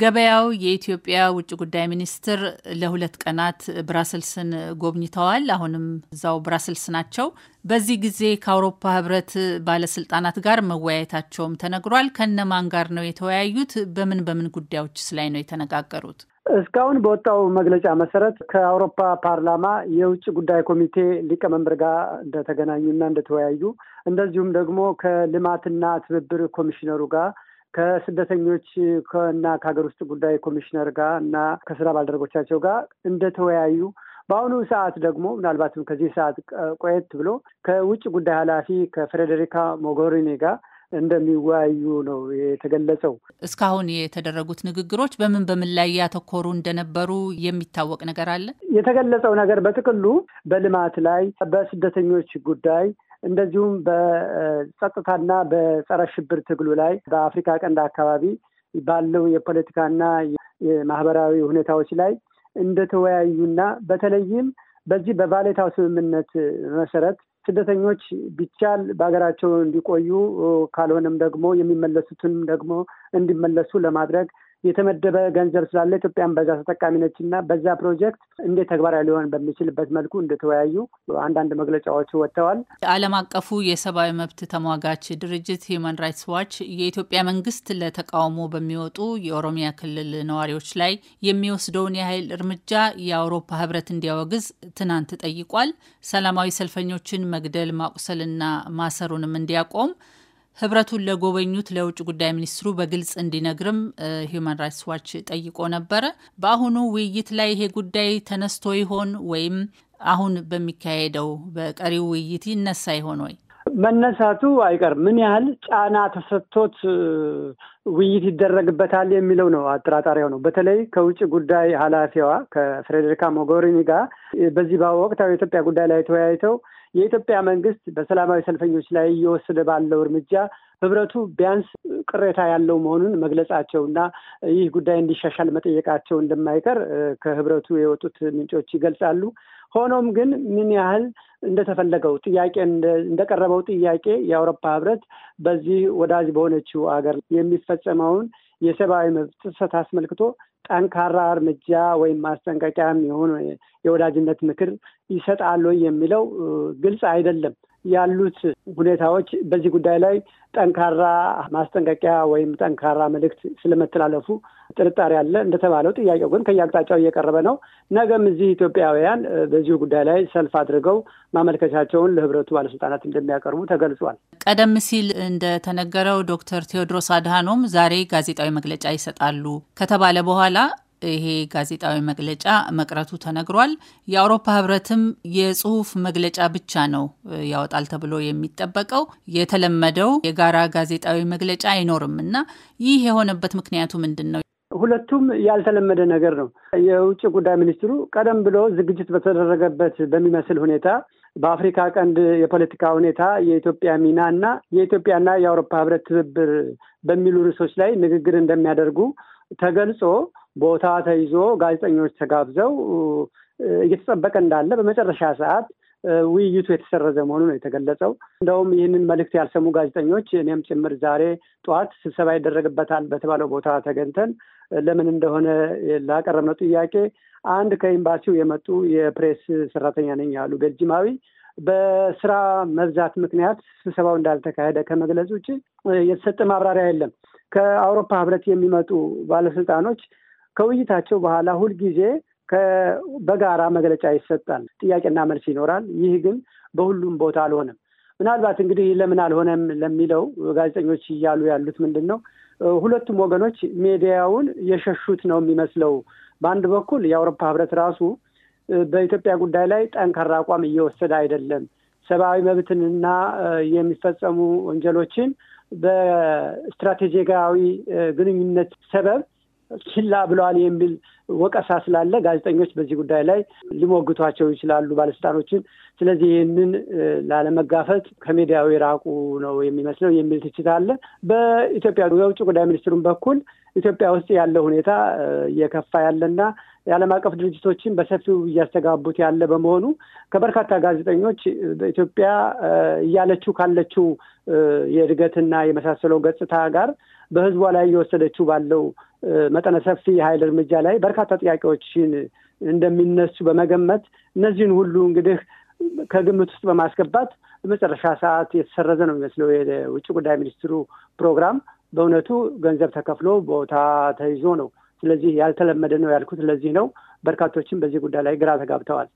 ገበያው የኢትዮጵያ ውጭ ጉዳይ ሚኒስትር ለሁለት ቀናት ብራስልስን ጎብኝተዋል። አሁንም እዛው ብራስልስ ናቸው። በዚህ ጊዜ ከአውሮፓ ህብረት ባለስልጣናት ጋር መወያየታቸውም ተነግሯል። ከነማን ጋር ነው የተወያዩት? በምን በምን ጉዳዮችስ ላይ ነው የተነጋገሩት? እስካሁን በወጣው መግለጫ መሰረት ከአውሮፓ ፓርላማ የውጭ ጉዳይ ኮሚቴ ሊቀመንበር ጋር እንደተገናኙና እንደተወያዩ እንደዚሁም ደግሞ ከልማትና ትብብር ኮሚሽነሩ ጋር ከስደተኞች እና ከሀገር ውስጥ ጉዳይ ኮሚሽነር ጋር እና ከስራ ባልደረቦቻቸው ጋር እንደተወያዩ በአሁኑ ሰዓት ደግሞ ምናልባትም ከዚህ ሰዓት ቆየት ብሎ ከውጭ ጉዳይ ኃላፊ ከፌዴሪካ ሞጎሪኒ ጋር እንደሚወያዩ ነው የተገለጸው። እስካሁን የተደረጉት ንግግሮች በምን በምን ላይ ያተኮሩ እንደነበሩ የሚታወቅ ነገር አለ? የተገለጸው ነገር በጥቅሉ በልማት ላይ፣ በስደተኞች ጉዳይ፣ እንደዚሁም በጸጥታና በጸረ ሽብር ትግሉ ላይ በአፍሪካ ቀንድ አካባቢ ባለው የፖለቲካና የማህበራዊ ሁኔታዎች ላይ እንደተወያዩና በተለይም በዚህ በቫሌታው ስምምነት መሰረት ስደተኞች ቢቻል በሀገራቸው እንዲቆዩ ካልሆነም ደግሞ የሚመለሱትንም ደግሞ እንዲመለሱ ለማድረግ የተመደበ ገንዘብ ስላለ ኢትዮጵያን በዛ ተጠቃሚ ነች እና በዛ ፕሮጀክት እንዴት ተግባራዊ ሊሆን በሚችልበት መልኩ እንደተወያዩ አንዳንድ መግለጫዎች ወጥተዋል። ዓለም አቀፉ የሰብአዊ መብት ተሟጋች ድርጅት ሂውማን ራይትስ ዋች የኢትዮጵያ መንግስት ለተቃውሞ በሚወጡ የኦሮሚያ ክልል ነዋሪዎች ላይ የሚወስደውን የኃይል እርምጃ የአውሮፓ ህብረት እንዲያወግዝ ትናንት ጠይቋል። ሰላማዊ ሰልፈኞችን መግደል ማቁሰልና ማሰሩንም እንዲያቆም ህብረቱን ለጎበኙት ለውጭ ጉዳይ ሚኒስትሩ በግልጽ እንዲነግርም ሂዩማን ራይትስ ዋች ጠይቆ ነበረ። በአሁኑ ውይይት ላይ ይሄ ጉዳይ ተነስቶ ይሆን ወይም አሁን በሚካሄደው በቀሪው ውይይት ይነሳ ይሆን ወይ? መነሳቱ አይቀርም። ምን ያህል ጫና ተሰጥቶት ውይይት ይደረግበታል የሚለው ነው አጠራጣሪያው ነው። በተለይ ከውጭ ጉዳይ ኃላፊዋ ከፍሬዴሪካ ሞጎሪኒ ጋር በዚህ ወቅታዊ የኢትዮጵያ ጉዳይ ላይ ተወያይተው የኢትዮጵያ መንግስት በሰላማዊ ሰልፈኞች ላይ እየወሰደ ባለው እርምጃ ህብረቱ ቢያንስ ቅሬታ ያለው መሆኑን መግለጻቸው እና ይህ ጉዳይ እንዲሻሻል መጠየቃቸው እንደማይቀር ከህብረቱ የወጡት ምንጮች ይገልጻሉ። ሆኖም ግን ምን ያህል እንደተፈለገው ጥያቄ እንደቀረበው ጥያቄ የአውሮፓ ህብረት በዚህ ወዳጅ በሆነችው አገር የሚፈጸመውን የሰብአዊ መብት ጥሰት አስመልክቶ ጠንካራ እርምጃ ወይም ማስጠንቀቂያም የሆነ የወዳጅነት ምክር ይሰጣሉ የሚለው ግልጽ አይደለም። ያሉት ሁኔታዎች በዚህ ጉዳይ ላይ ጠንካራ ማስጠንቀቂያ ወይም ጠንካራ መልእክት ስለመተላለፉ ጥርጣሬ አለ። እንደተባለው ጥያቄው ግን ከየአቅጣጫው እየቀረበ ነው። ነገም እዚህ ኢትዮጵያውያን በዚሁ ጉዳይ ላይ ሰልፍ አድርገው ማመልከቻቸውን ለህብረቱ ባለስልጣናት እንደሚያቀርቡ ተገልጿል። ቀደም ሲል እንደተነገረው ዶክተር ቴዎድሮስ አድሃኖም ዛሬ ጋዜጣዊ መግለጫ ይሰጣሉ ከተባለ በኋላ ይሄ ጋዜጣዊ መግለጫ መቅረቱ ተነግሯል። የአውሮፓ ህብረትም የጽሁፍ መግለጫ ብቻ ነው ያወጣል ተብሎ የሚጠበቀው የተለመደው የጋራ ጋዜጣዊ መግለጫ አይኖርም እና ይህ የሆነበት ምክንያቱ ምንድን ነው? ሁለቱም ያልተለመደ ነገር ነው። የውጭ ጉዳይ ሚኒስትሩ ቀደም ብሎ ዝግጅት በተደረገበት በሚመስል ሁኔታ በአፍሪካ ቀንድ የፖለቲካ ሁኔታ የኢትዮጵያ ሚና እና የኢትዮጵያና የአውሮፓ ህብረት ትብብር በሚሉ ርዕሶች ላይ ንግግር እንደሚያደርጉ ተገልጾ ቦታ ተይዞ ጋዜጠኞች ተጋብዘው እየተጠበቀ እንዳለ በመጨረሻ ሰዓት ውይይቱ የተሰረዘ መሆኑ ነው የተገለጸው። እንደውም ይህንን መልእክት ያልሰሙ ጋዜጠኞች እኔም ጭምር ዛሬ ጠዋት ስብሰባ ይደረግበታል በተባለው ቦታ ተገኝተን ለምን እንደሆነ ላቀረብነው ጥያቄ አንድ ከኤምባሲው የመጡ የፕሬስ ሰራተኛ ነኝ ያሉ ቤልጅማዊ በስራ መብዛት ምክንያት ስብሰባው እንዳልተካሄደ ከመግለጽ ውጭ የተሰጠ ማብራሪያ የለም። ከአውሮፓ ህብረት የሚመጡ ባለስልጣኖች ከውይይታቸው በኋላ ሁልጊዜ በጋራ መግለጫ ይሰጣል፣ ጥያቄና መልስ ይኖራል። ይህ ግን በሁሉም ቦታ አልሆነም። ምናልባት እንግዲህ ለምን አልሆነም ለሚለው ጋዜጠኞች እያሉ ያሉት ምንድን ነው፣ ሁለቱም ወገኖች ሚዲያውን የሸሹት ነው የሚመስለው። በአንድ በኩል የአውሮፓ ህብረት ራሱ በኢትዮጵያ ጉዳይ ላይ ጠንካራ አቋም እየወሰደ አይደለም፣ ሰብአዊ መብትንና የሚፈጸሙ ወንጀሎችን በስትራቴጂካዊ ግንኙነት ሰበብ ችላ ብለዋል የሚል ወቀሳ ስላለ ጋዜጠኞች በዚህ ጉዳይ ላይ ሊሞግቷቸው ይችላሉ ባለስልጣኖችን። ስለዚህ ይህንን ላለመጋፈጥ ከሚዲያው የራቁ ነው የሚመስለው የሚል ትችት አለ። በኢትዮጵያ የውጭ ጉዳይ ሚኒስትሩን በኩል ኢትዮጵያ ውስጥ ያለው ሁኔታ እየከፋ ያለና የዓለም አቀፍ ድርጅቶችን በሰፊው እያስተጋቡት ያለ በመሆኑ ከበርካታ ጋዜጠኞች በኢትዮጵያ እያለችው ካለችው የእድገትና የመሳሰለው ገጽታ ጋር በሕዝቧ ላይ እየወሰደችው ባለው መጠነ ሰፊ የሀይል እርምጃ ላይ በርካታ ጥያቄዎችን እንደሚነሱ በመገመት እነዚህን ሁሉ እንግዲህ ከግምት ውስጥ በማስገባት መጨረሻ ሰዓት የተሰረዘ ነው የሚመስለው የውጭ ጉዳይ ሚኒስትሩ ፕሮግራም። በእውነቱ ገንዘብ ተከፍሎ ቦታ ተይዞ ነው። ስለዚህ ያልተለመደ ነው ያልኩት ለዚህ ነው። በርካቶችም በዚህ ጉዳይ ላይ ግራ ተጋብተዋል።